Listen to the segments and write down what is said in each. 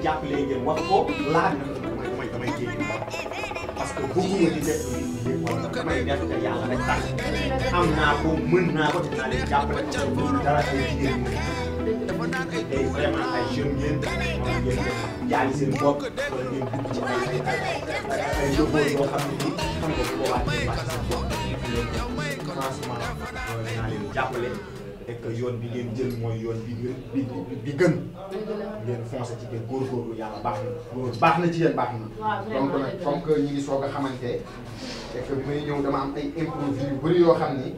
ma jàppalee ngeen wax ko laaj na ko damay damay damay jéem parce que bëgguma di def lu nit ñi wala damay def te yàlla rek tax am naa ko mën naa ko te naa leen jàppale parce que et que yoon bi ngeen jël mooy yoon bi bi bi gën. ngeen foncé ci te góorgóorlu yàlla baax na. baax na ci yéen baax na. donc nag comme que ñu ngi soog a xamante. et bi may ñëw dama am ay improvis yu bëri yoo xam ni.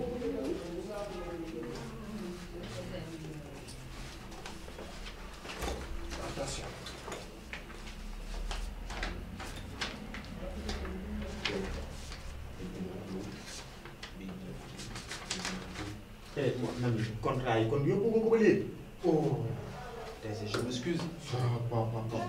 eh man contrat yi kon yóbbu ko ba léegi. oh. oh, oh, oh tey je m'excuse. Ah,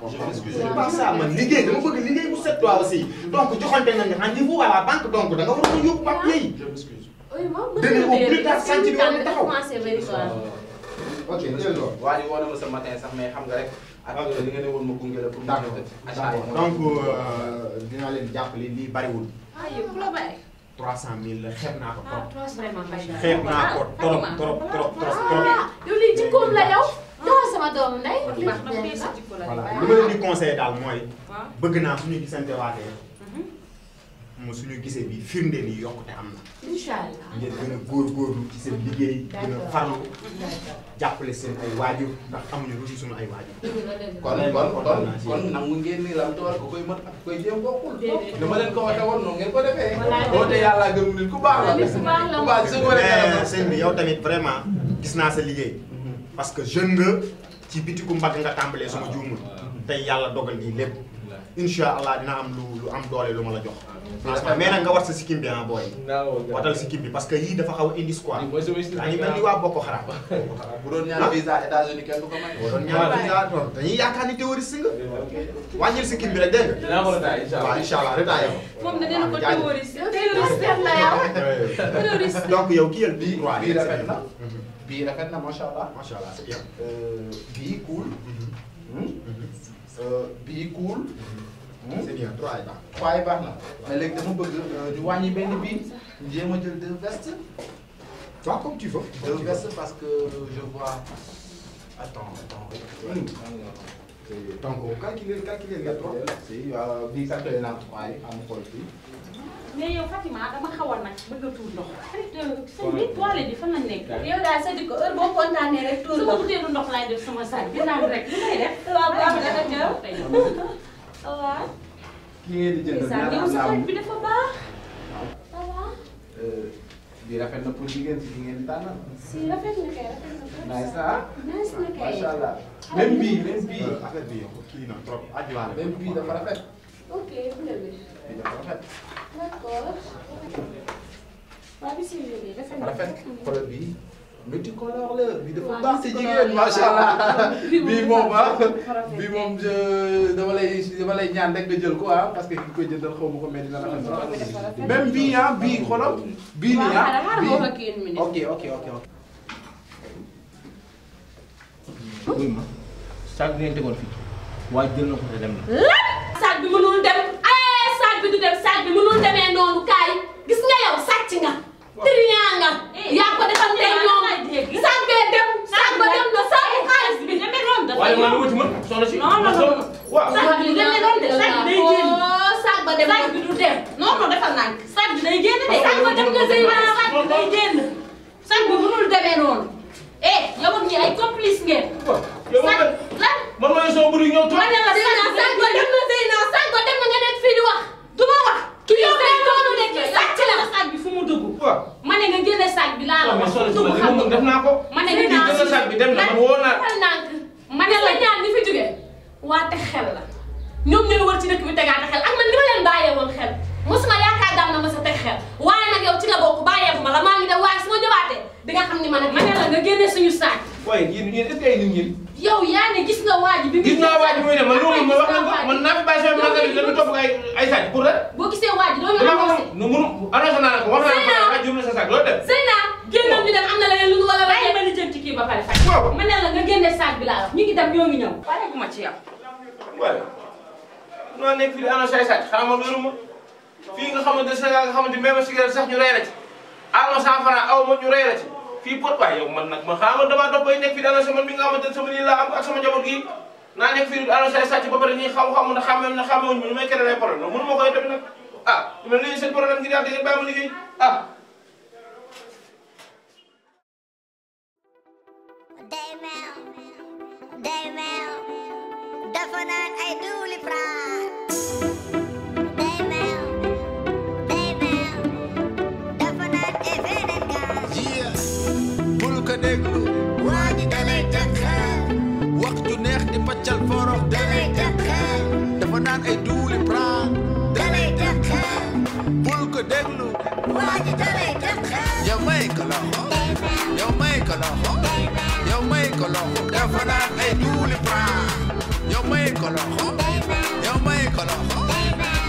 je m'excuse c'est pas ça man liggéey dama bëgg liggéey bu set toi aussi. donc joxante nañu rendez-vous à la banque donc da nga war a yóbbu papier yi. je m'excuse. oui moom bëgg na dee rek dëgg bi war a taxaw. ok jël loolu. waa ji woo na ma sa matin sax mais xam nga rek. ak li nga ne woon ma gunge la pour. d'accord donc euh, dinaa leen jàppale lii bariwul. aywa ah, ku la bari. 300000 la xeeb naa ko ah, trop. xeeb naa ko trop trop trop trop. Ah, yow lii jikkoom la yow. sama doomu ndey. li ma leen di conseillé daal mooy. bëgg naa suñu gisante waatee. mu suñu gisee bi firnde ni yokkute am na. incha allah ngeen gën a góorgóorlu ci seen liggéey. gën a farlu jàppale seen ay waajur ndax amuñu lu ci suñu ay waajur. kon kon kon kon nangu ngeen ni lam toor ko koy mën ak koy jéem bokkul. ko waxee woon noonu ngeen ko defee. nit ku baax la. ku baax la ku baax la mais bi yow tamit vraiment gis naa sa liggéey. Mhm. parce que jeune nga ci ku mbagg nga tàmbalee sama juumul. Ah. tey yàlla dogal nii lépp. incha allah dina am lu lu am doole lu ma la jox. waaw mais nag nga war sa sikkim bi ah booy. watal parce que yii dafa xaw a indi quoi. dañu mel ni waa Boko Haram. bu doon ñaan visa États-Unis kenn du ko may. bu doon ñaan visa dañuy yaakaar ni théoriste nga. wàññil nga. dinaa ko retaillé incha allah waaw incha allah retaillé ko. moom kii yëpp bii. waaw mhm. bii rafet na euh, bii rafet na mhm. hmm? mhm. Euh, bii kuul. Mm-hmm. c'est bien trois yi baax na. trois yi baax na mais léegi dama bëgg euh, ñu wàññi benn bii jéem a jël deux vestes. waaw comme tu veux. deux vestes parce que je vois attends attends. Mm. donc calculer calculer nga trop. si waaw bii calculer naa ko am xool fii. mais yow Fatima dama xaw a nag bëgg a tuur ndox. xarit bi euh, toilette bi fan nekk. yow daal sa di ko heure boo kontaanee rek. tuur ma butéelu ndox laay def sama sac ah, bi na nga jël waaw. ki ngeen di jënd ñaar bi na pour jigéen si ki na kay macha allah même bii même bii euh, affaire bi kii na trop ajuwaale même bii dafa rafet. ok bu la bii dafa rafet. d'accord. waaw bisimilah. rafet na rafet xoolal bii. multicolore la bii dafa baax si jigéen macha allah bii moom ah bii moom dama lay dama lay ñaan rek nga jël ko ah parce que ki koy jëndal xaw ma ko mel ni dana rafet. même bii ah bii xoolal bii nii ah bii ok ok ok. wuy ma saag bi ngeen tegoon fii waaye jël na ko te dem na. lan saag bi mënul dem ay eh, saag bi du dem saag bi mënul demee noonu kaay gis nga yow sàcc nga. triant nga. Eh, yaa ko defal tey ñoom saag bee dem. saag ba dem na saag bu xaalis bi demee noonu. waaye man wuti ma soxna si. non non non saag bi demee noonu de saag bi day génn. Oh, saag ba dem saag bi du dem. non non defal naa saag bi day génn de. saag ba dem na saag ba day génn. saag bi mënul demee noonu. eh yow ak ñi ay complice ngeen. yow man lan. man maa ngi soog a bëri ñëw toog. ma ne la Seyna Sango dem na Seyna Sango dem na nga nekk fii di wax. du ma wax. kii yow kay noonu de kii sàcc la sac bi fu mu dugg. waaw ma ne nga génne sac bi laa la wax. dugg xam nga def naa ko. ma ne nga génne sac bi dem na man woo naa. ma ne la ñaar ñi fi jóge waate xel la ñoom ñooy wër ci dëkk bi tegaate xel ak man li ma leen bàyyee woon xel mosuma xel waaye nag yow ci nga bokk bàyyeeku ma la maa ngi dem waaye su ma ñëwaatee di nga xam ni ma nag ma ne la nga génne suñu saak. waaye yéen yéen est-ce que ay nit ñi. yow yaa ne gis nga waa ji. bi gis naa waa ji muy ne man loolu ma wax na ko man naa fi bàyyi sama magasin bi dama topp ay ay saak pour rek. boo gisee waa ji doo ñu annoncé. nu munu annoncé naa la ko wax naa la ko waa ji sa saak loolu dem. sëñ naa génnoon ñu dem am na leneen lu wala waaye ma li jëm ci kii ba pare fay. waaw ma ne la nga génne saak bi laa wax ñu ngi dem ñoo ngi ñëw. pare gu ma ci yow. waaye noo nekk fii di annoncé ay saak xanaa ma loolu ma fii nga xamante Sénégal nga xamante même cigarette sax ñu rey la ci alma cent franc aw ma ñu rey la ci fii pot waaye yow man nag ma xaaral damaa dox bay nekk fii daanaka sama mi nga xamante ne sama lii laa am xam-xam na xàmme na nu may keneen ay problème la mënu ma koy tamit nag ah man lii seen problème gi daal di ngeen bàyyi ma liggéey ah. forox dalay dëkkal dafa naan ay duuli prang dalay dëkkal bul ko déglu waa ji dalay dëkkal yow may ko loxo yow may ko loxo yow may ko loxo dafa naan ay duuli prang yow may ko loxo yow may ko loxo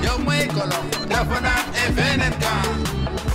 yow may ko loxo dafa naan ay beneen kaa